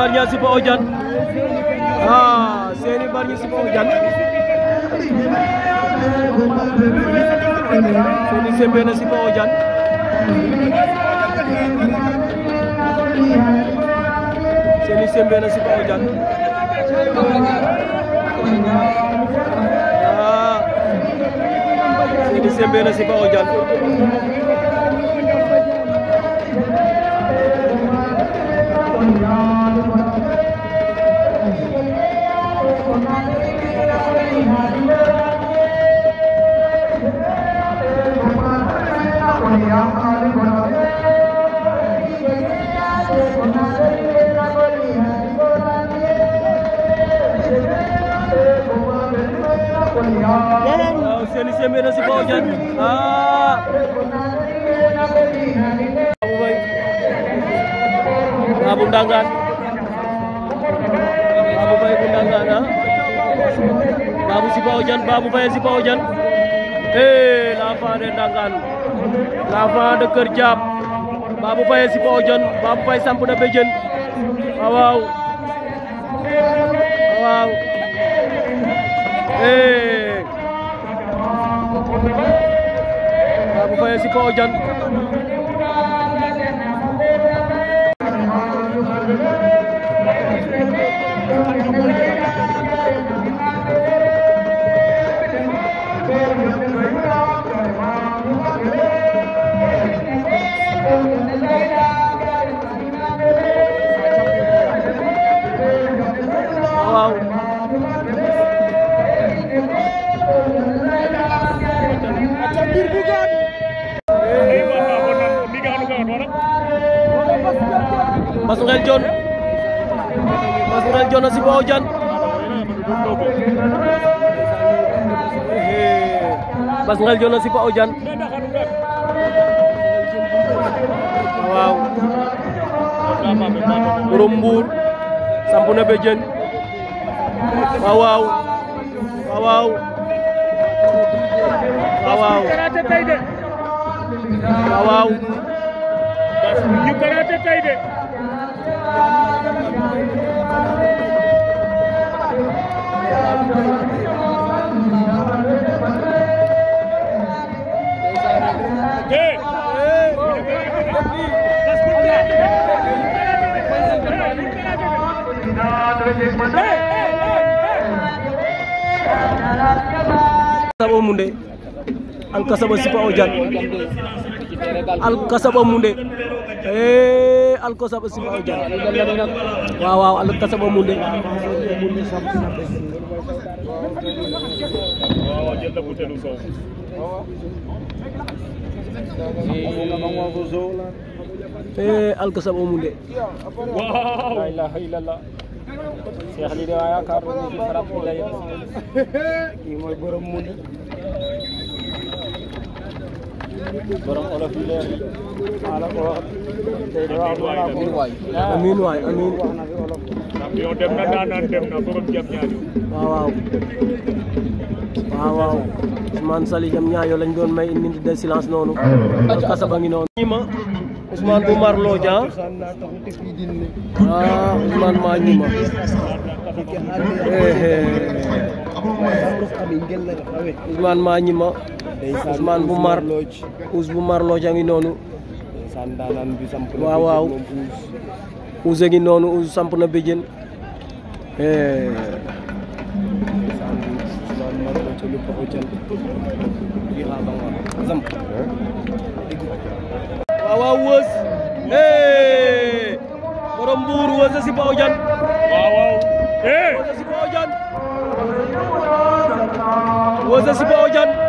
Barnya si Pak Ojan. Ah, seni Barnya si Pak Ojan. Ini sempena si Pak Ojan. seni sempena si Pak Ojan. Ah, ini sempena si Pak Ojan. Jember Sipojan. Ah. Abu Bundangan. Abu Bay Bundangan. Ah. Babu Sipojan, Babu Bay Sipojan. Eh, lava dendangan. Lava de kerjap. Babu Bay Sipojan, Babu Bay Sampuna Bejen. Wow. Wow. Eh. Faye si Paw Diagne Masrul John Masrul John nasib Ojan Masrul John nasib Ojan Wow Rumbun Sampunnya Bejen Wow Wow Wow Wow Wow kasaba munde an kasaba sipa o jan al kasaba munde eh al kasaba sipa o jan waaw waaw al kasaba munde waaw jël na butéelu soow. eh alkasam amul waaw. la ilaha illallah. Cheikh de waaye yaakaar naa ne ci mooy borom mu borom olof yi leer maa la ko wax tey de wax naa ko waay amiin waay amiin wax na fi olof champion dem na daanaan dem na borom jam ñaajo waaw waaw waaw waaw Ousmane Oumar Lo ah Ousmane ma ñima eh, eh. Ousmane ma Ousmane Boumar Ous Boumar Lodj ngi noonu waaw waaw samp na waaw waaw borom si Pao Dian eh. si si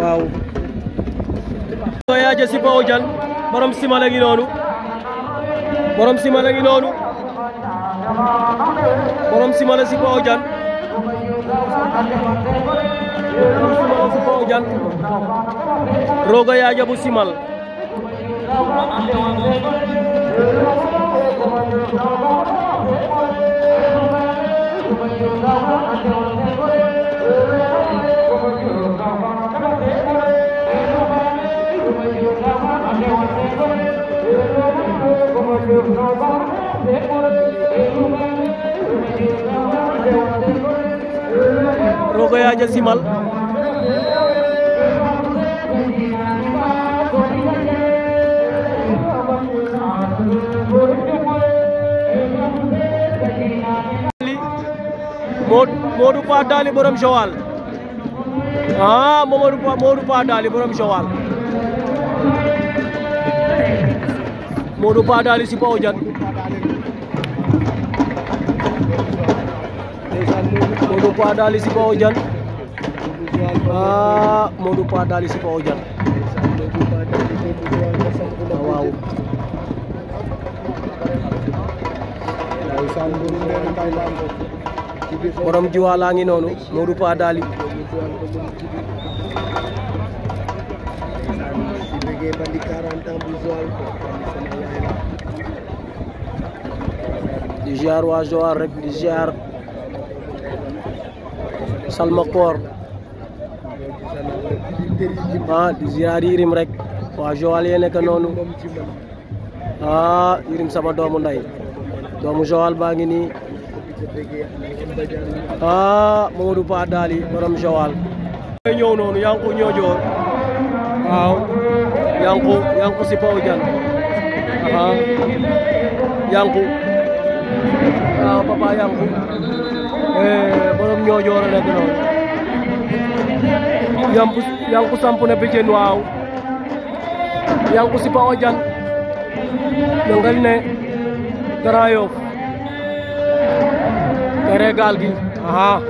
waaw o yaaje si bo o jal borom a ngi noonu borom simal a ngi noonu borom si bo a si bo o jal yaaja bu simal roga yaja simal Modou Pa Dali borom Joal ah Modou Pa Modou Pa Dali borom Joal Modo pada ali si Paujan. Modo pada ali si Paujan. Ah, modo pada ali si Paujan. Wow. borom jiwalaa ngi noonu Modou Pa Dali bandit 40 ans bu Joal di ziar waa Joal rek di ziar ah di ziar Yirim rek waa Joal yee nekk ah Yirim sama doomu Doa doomu Joal bang ini, ah mau Pa Daali borom Joal yang punya jor. ñoo yang waaw yang yanku si Paw Jan ah yanku waaw papa Yankou eh, borom ñoo joor rek noonu Yankou Yankou samp na bëjën waaw Yankou si Pawa Diagne ne Grand Yoff tere gaal gi aha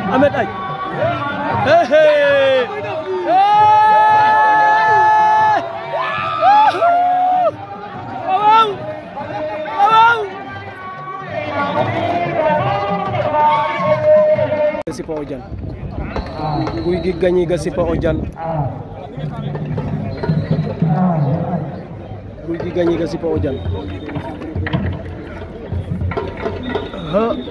Ahmed Aïe. Hey, hey. Gasipa Ojan Guy gi gagné Gasipa Ojan Guy gi gagné Gasipa Ojan Ha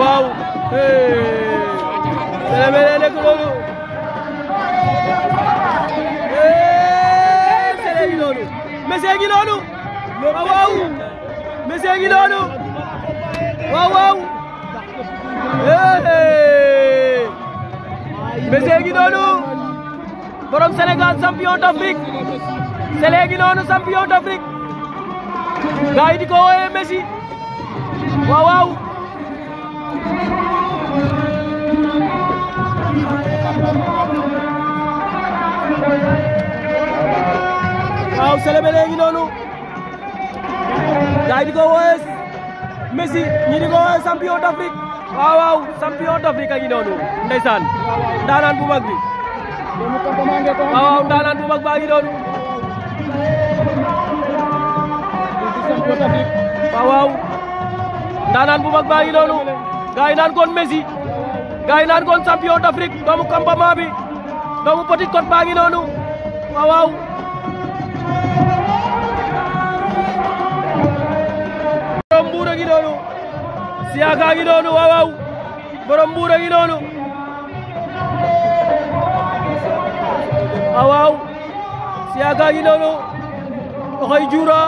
waaw Sélébélé nekk noonu Sélé ngi noonu Messé ngi noonu waaw Messé ngi noonu waaw waaw Messé ngi noonu borom Sénégal champion d'Afrique te léegi noonu champion di ko wooyee Messi waaw waaw di ko wooyee Messi ñi di ko wooyee champion d'Afrique waaw waaw champion mag bi waaw ndaanaan bu mag baa ngi doon waaw waaw ndaanaan bu baa ngi doonu gaay yi naan kon Messi gaay yi naan kon champion d'Afrique bi doomu Petite Côte baa ngi noonu waaw waaw borom a ngi noonu siyaaka a ngi noonu waaw waaw borom ngi noonu waaw Siaka ngi noonu oxey juura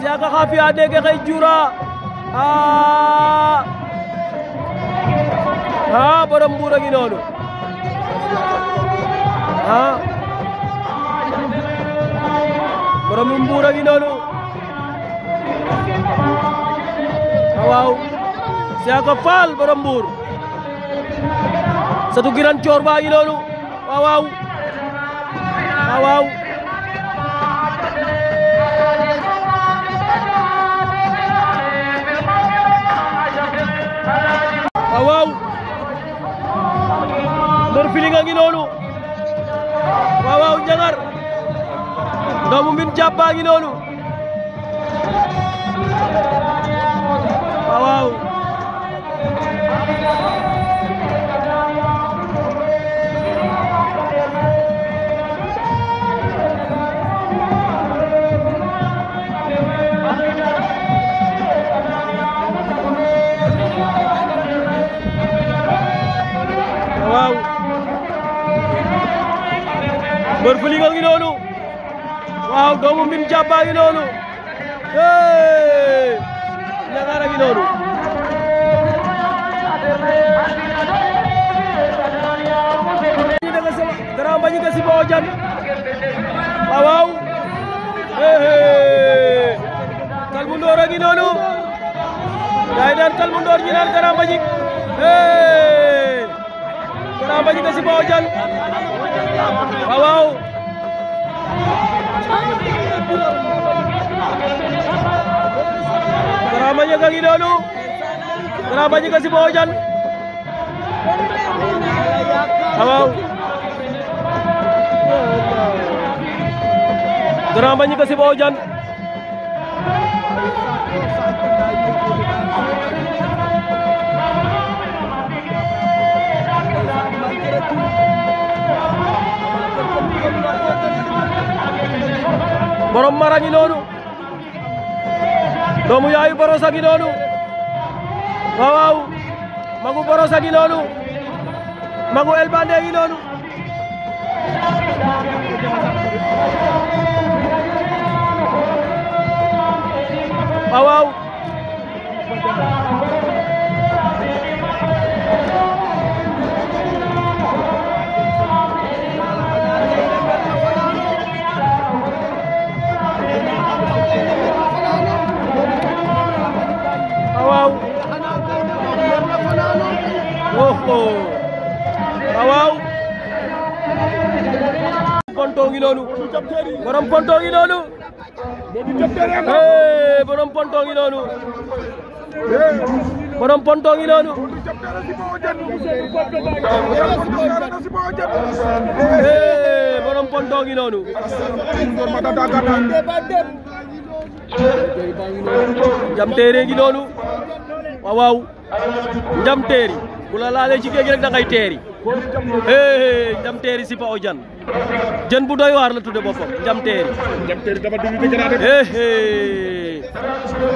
Siaka xa fiya dege xey juura a borom mbuur a ngi noonu a borom mbuur a ngi noonu waaw Siaka Fall borom mbuur satu giran coor baa ngi noonu waaw waaw waaw waaw waaw Ngor ngi noonu waaw Njangar doomu Mbine Japp a noonu waaw mbër Fëlinga ngi noonu waaw doomu Mbine Jàbbaa ngi noonu hee Ñagara ngi noonu dara mbañi ka si hee Kalmu ngi noonu daay daan Kalmu naan dara hee apa juga si Bojan? Wow. wow. Kenapa juga Gidono? Kenapa juga si Bojan? Ojan? Wow. Kenapa juga si Bojan? borom mara ngi noonu doomu yaayu borosa ngi noonu magu borosa ngi magu elbande ngi noonu waaw oho waaw ponto ngi noonu borom ponto ngi noonu eh borom ponto ngi noonu borom ponto ngi noonu eh, borom ponto ngi jam téré gi noonu waaw waaw jam téré bu la laalé ci géej rek da ngay téré hé hee njam téeri si o jan jan bu doy war la tudde bopam jam téré jam téré dama dugg bi gënaate hé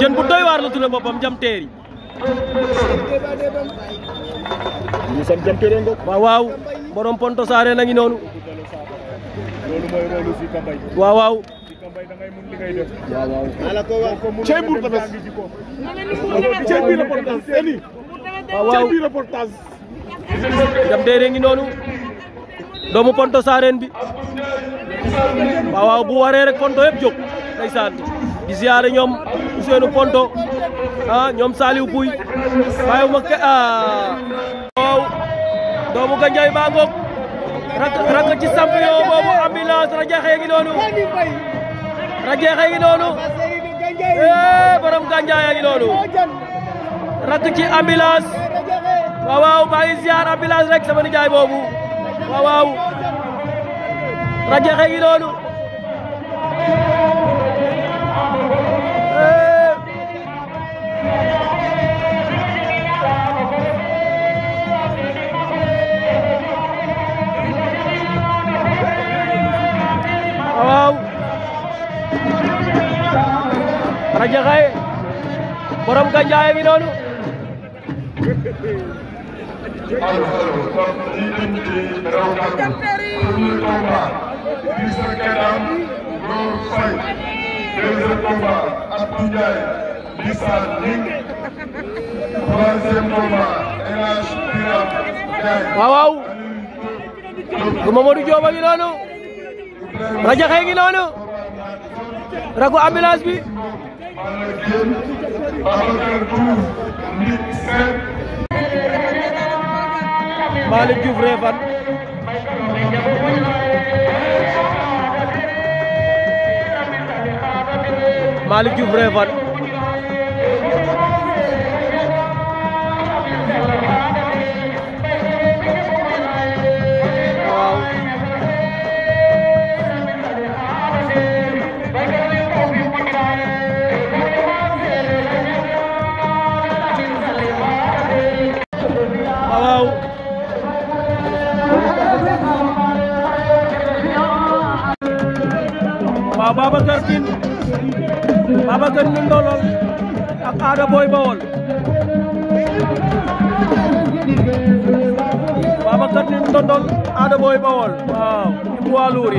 jan bu doy war la tudde bopam jam téré ni sam jam téré ngok waaw waaw borom ponto saare na ngi noonu loolu mooy rôle Tambay waaw waaw bay da ngay mën ligay jam deere ngi nonu ponto saren bi waaw waaw bu waree rek ponto yëpp jóg ndeysaan di ziare ñoom Ousseynou ponto ah ñoom Saliou Pouy bàyyiwuma ke ah waaw doomu ganjay baa ngoog rak rak ci samp yoo boobu ambulance rajaxe ngi noonu rajeex a ngi noonu eh borom gàncax a noonu rakk ci ambulance waaw waaw maa rek sama nijaay boobu waaw waaw rajeex noonu. Jaxaay borom Gandiaye mi noonu deuxième combat Abdou Ndiaye Lissa Ling troisième combat El Hadj Biram Ndiaye waaw waaw gu Mamadou Diop a ngi noonu Radiakhé ngi noonu ragu ambulance bi Balla Gaye Babacar Diouf Ndik Sène Malick Diouf Réfane Malick Diouf Réfane Babacar Tine Babacar Tine Ndolol ak Ada Boy Bawol Babacar Tine Ndolol Ada Boy Bawol waaw ci poids lourd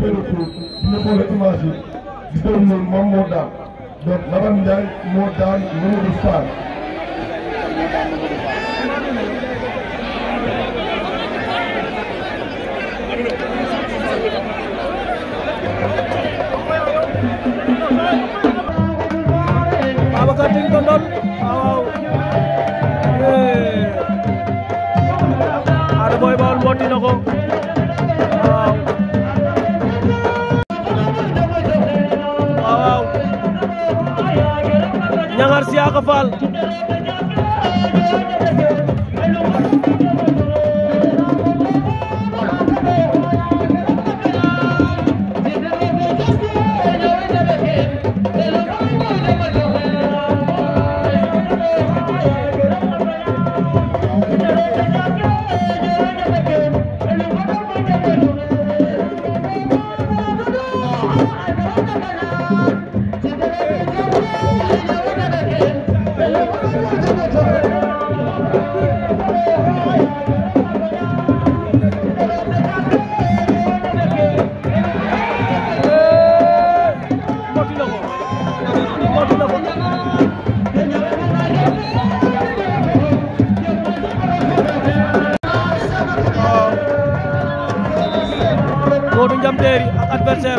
benn tour dina xool image yi gis nañu noonu moom moo daan donc Laban Ndiaye moo daan Mamadou Fall. Babacar Tine ko doon Fall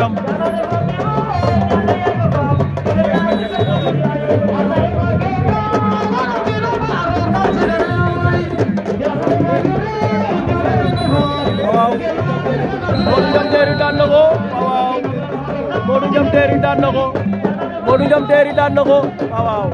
yaram waaw Modou Ndiame Terry daan na ko waaw Modou Ndiame Terry daan na ko Modou Ndiame Terry daan na ko waaw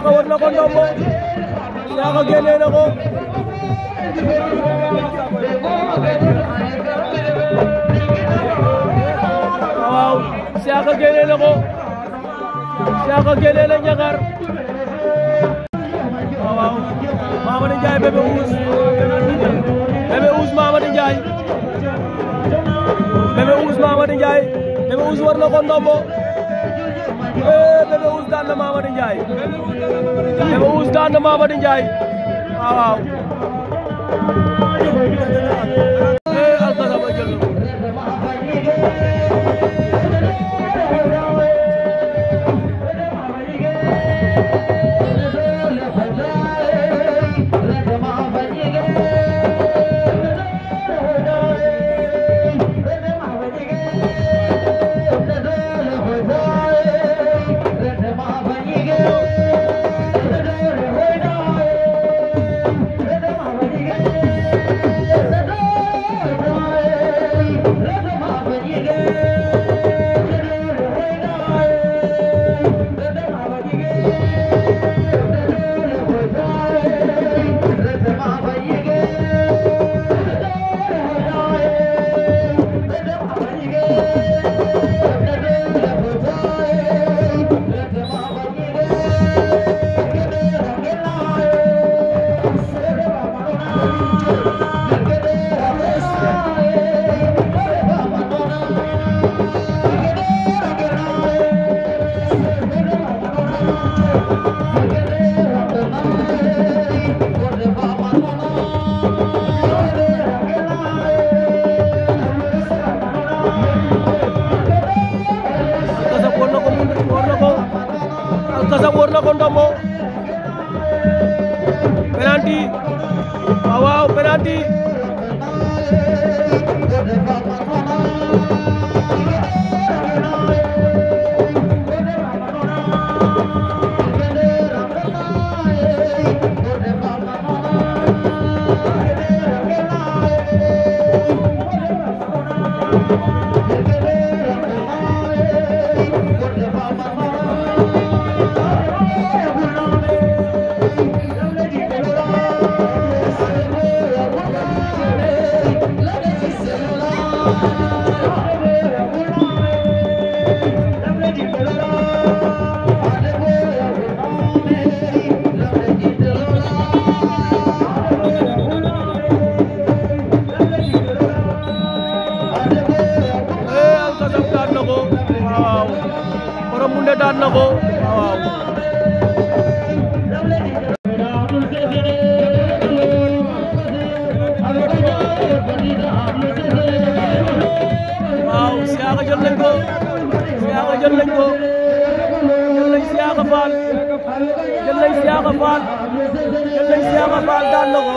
Isaaka war na ko ndombo Isaaka génnee na ko waaw Isaaka génnee na ko Isaaka génnee na ñagar waaw Mamadi Njaay bébé uus bébé uus Mamadi Njaay bébé uus Mamadi Njaay bébé uus war na ko ndombo Bébé Ouz daan na Mamady Ndiaye Bébé Ouz daan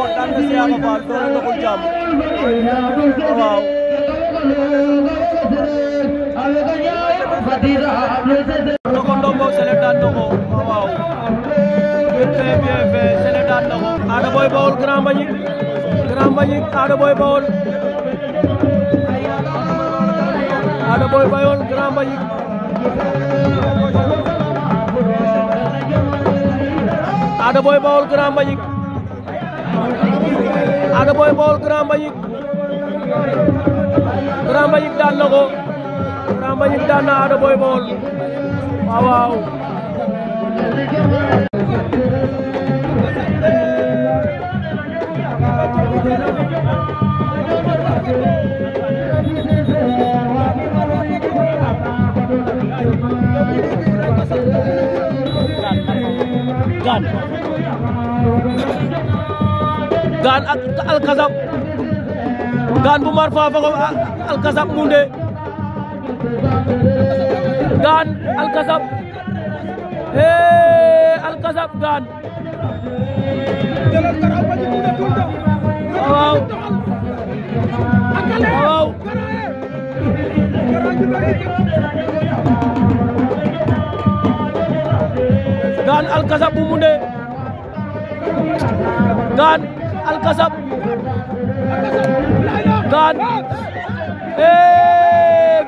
woon daan na Seyaba Fall doole doxul jàmm waaw na ko ndombo sele daan na ko waaw bien fait bien fait sele daan na ko Ada Boy Baol Grand Mbagnick Grand Mbagnick Ada Boy Baol Ada Boy Baol Grand Mbagnick Ada Boy Baol Grand Mbagnick Ada Boy Baol Grand Mbagnick Grand Mbagnick daan na ko Grand Mbagnick daan na Ada Boy Baol waaw waaw Done. gaan ak gaan bu mar fa faxo ah, alkazam munde gaan alkazam e alkazam gaan waaw waaw gaan alkazam gaan alkasam gaan ee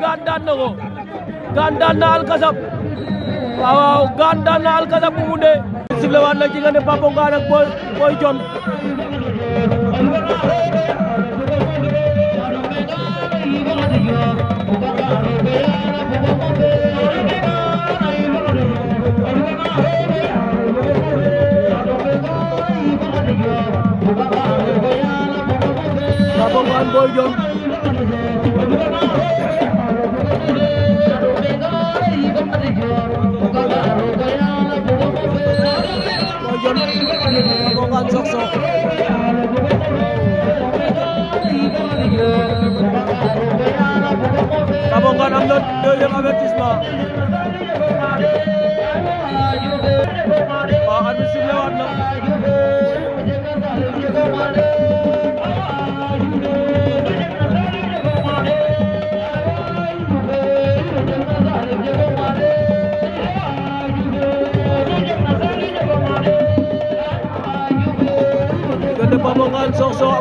gaan daan na ko na alkasam waaw waaw gaan na alkasam bu munde sible na jigéen Papa Ngane ak Boy Bougane Boy Dione Boy Dione Bougane Sok Sok Sa Bougane am na deuxième avertissement waaw arbitre bi sifflé waat na Ganda pa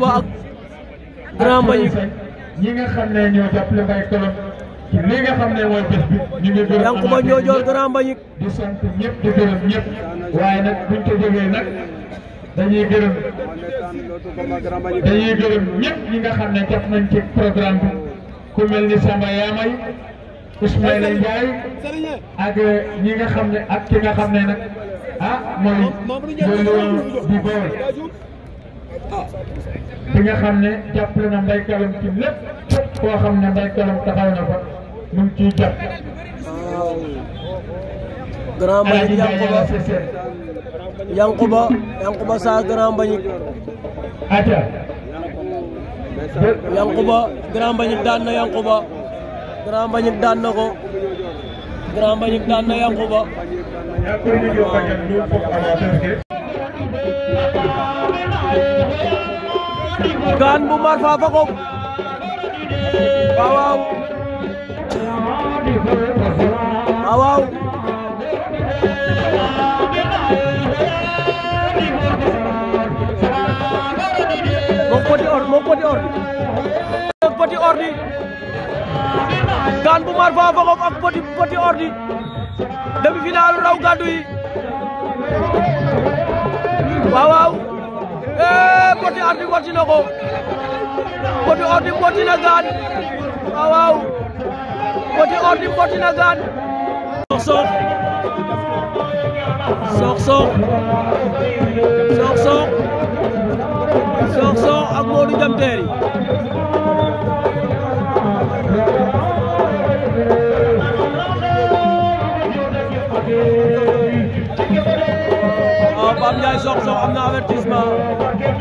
Ba ak grand Mbagnick. ñi nga xam ne ñoo jàppale Mbaye Colom ci li nga xam ne mooy bés bi ñu ngi gërëm Yankuba ñoo joor grand Mbagnick di sant ñëpp di gërëm ñëpp waaye nag buñ ko jógee nag dañuy gërëm dañuy gërëm ñëpp ñi nga xam ne jàpp nañ ci programme bi ku mel ni Samba Yaamay Ismaïla Ndiaye ak eh, ñi nga xam ne ak ki nga xam ne nag ah mooy mooy di boor ah. bi nga xam ne jàppale na Ndeye Kalem ci lépp koo xam ne Ndeye Kalem taxaw na fa mu ngi ciy jàpp. grand Mbagnick Yankuba Yankuba Yankuba sa grand Mbagnick. atia. Yankuba daan na Yankuba. grand Mbagnick daan na ko. grand gaan bu mar faa fa xob waaw waaw mook poti or mook poti or mook poti or di gaan bu mar faa ak poti poti or di demi final raw gàddu yi waaw Poti eh, Ordi wati na ko Poti Ordi wati na gaan waaw waaw Poti Ordi wati na gaan Sokh Sokh Sokh Sokh Sokh Sokh ak Modou Diam Terry waaw ah, Pape Ndiaye Sokh Sokh am na avertissement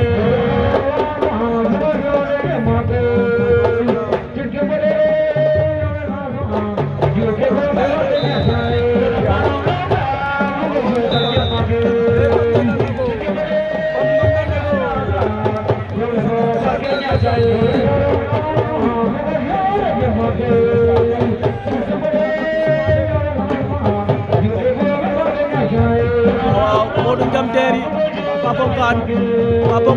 يا مهاجروں Papa Ngane Papa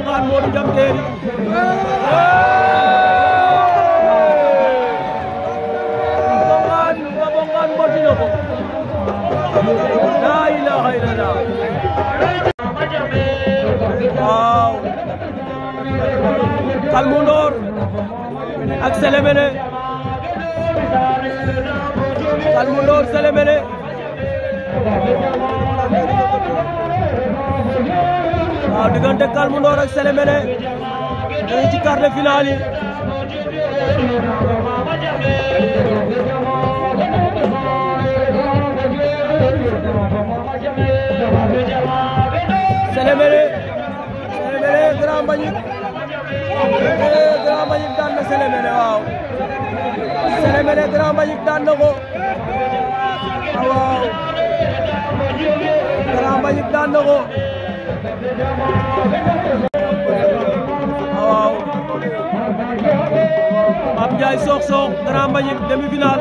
Ngane Modou Ndiam laa waaw diggante Calme Ndoor ak Sélémélé dañu ci quart de finale yi Sélémélé Sélémélé Grand Mbagnick Grand Mbagnick daan na Sélémélé waaw Sélémélé Grand Mbagnick daan na ko waaw Karamba Yugdan Nago. Abjay Sok Sok, Karamba Yug demi-final.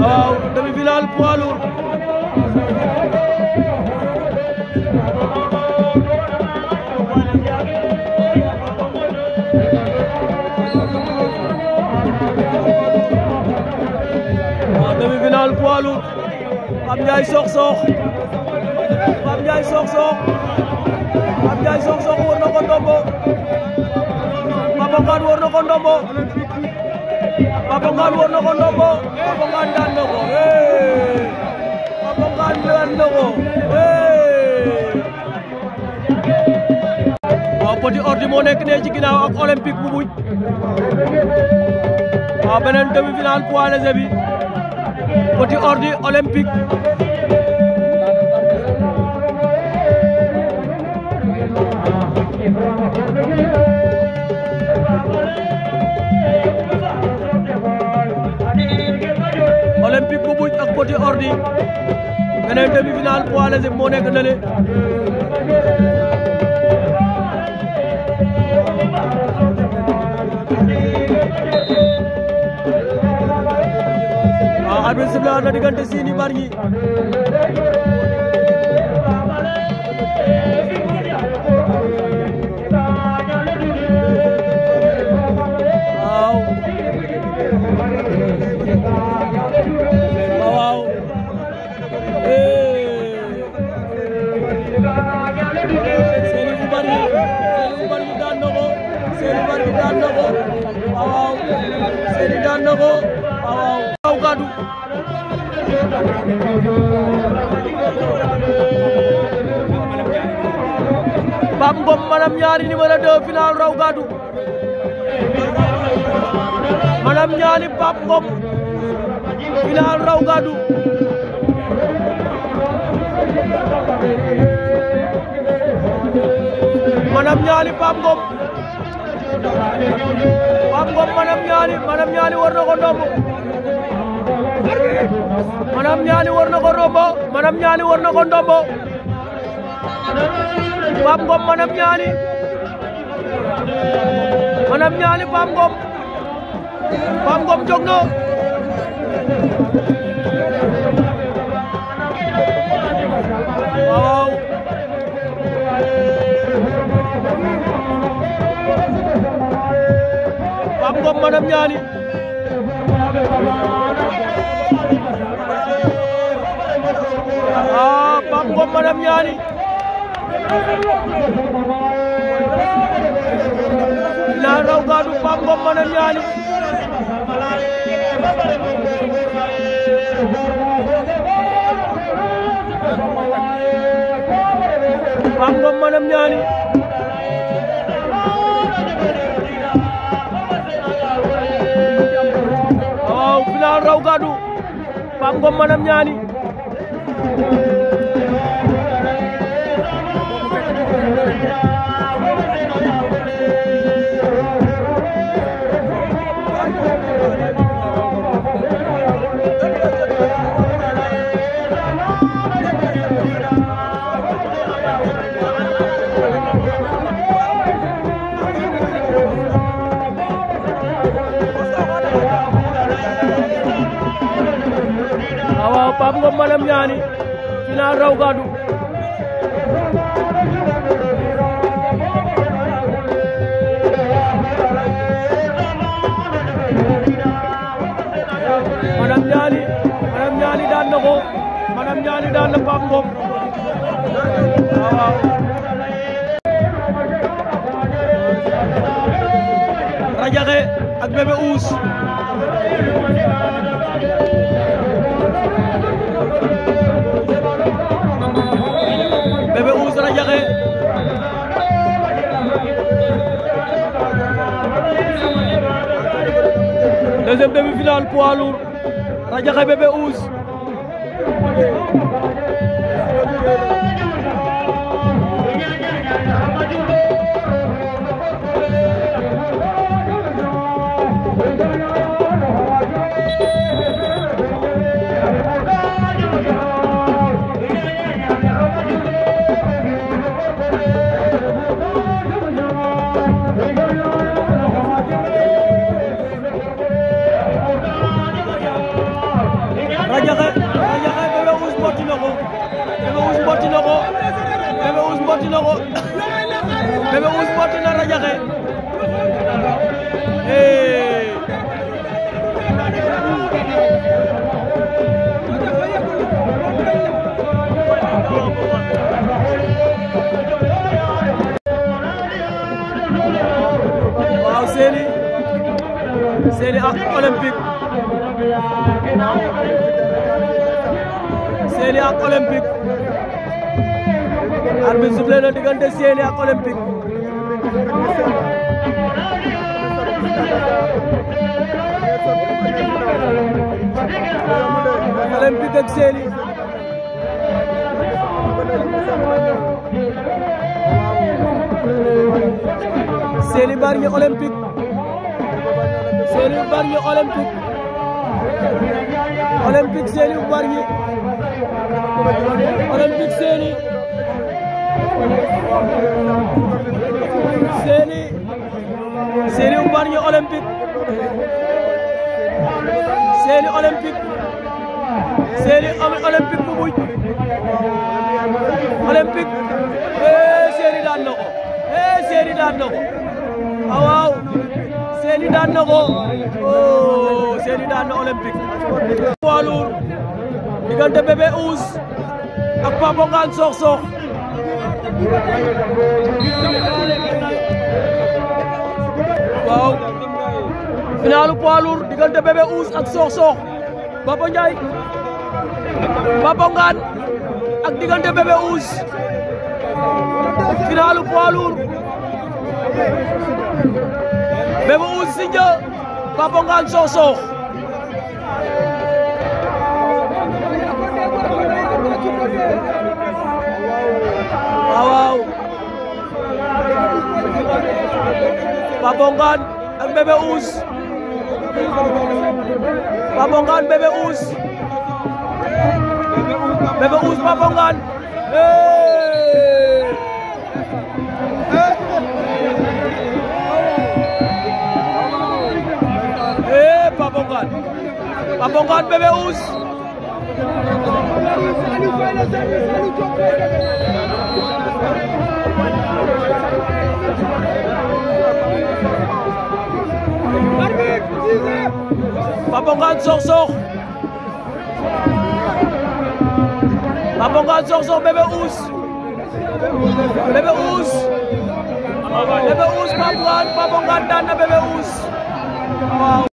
Wow, demi-final Kualur. demi-final Kualur. Pape Ndiaye Sokh Sokh Pape Ndiaye Sokh Sokh Pape Ndiaye Sokh Sokh wër na ko ndombo Papa Ngane wër na ko ndombo Papa Ngane wër na ko ndombo Papa Ngane daan na ko Papa Ngane daan na ko waaw Petit Ordi moo nekk ne ci ginnaaw ak olympique bu buñ waaw beneen demi-finale poids léger bi petit ordi olympique olympique bu buj ak petit ordi beneen demi-finale poids léger moo nekk lële bi sifflé na diggante Siny Bargny bopp maanaam ñaari numéro 2 final raw gàddu maanaam ñaari Pape na ko ndombo maanaam ñaari na ko Pape Ngom Manam Ñaali Manam Ñaali Pape Ngom Pape Ngom jóg na la raw gaadu Pape Ngom mën a ñaani Pape oh, raw gaadu Pape Ngom mën a Pape Ngom Malem Niani final raw gadu daan na ko Malem Niani daan na Pape Rajaxe ak Bébé Ouss deuxième demi-finale pour lourd Raja Rebebe Ouz officiel ak olympique olympique ak Sely Sely Bargny olympique Sely Bargny olympique olympique Sely Bargny olympique Sely Séni Séni Mbargne olympique Séni olympique Séni olympique bu mujj olympique eh Séni daan na ko eh daan na ko ah daan na ko oh Séni daan na olympique. poids lourd diggante Bébé Ouz ak Papo Ngane Sokh Sokh. waaw finalu poids lourd diggante Bébé ak Sokh Sokh Papa Ndiaye ak diggante Bébé Ouz finalu poids lourd Bébé Ouz Sindia Papa Ngane Wow. Pabonggan ang BBUs. Pabonggan BBUs. BBUs Pabonggan. Eh Hey, Pabonggan. Pabonggan BBUs. Salut, Papa Ngane Sokh Sokh Papa Ngane Sokh Sokh Bébé Ouss Bébé Ouss Bébé Ouss Papa Ngane Papa Ngane daan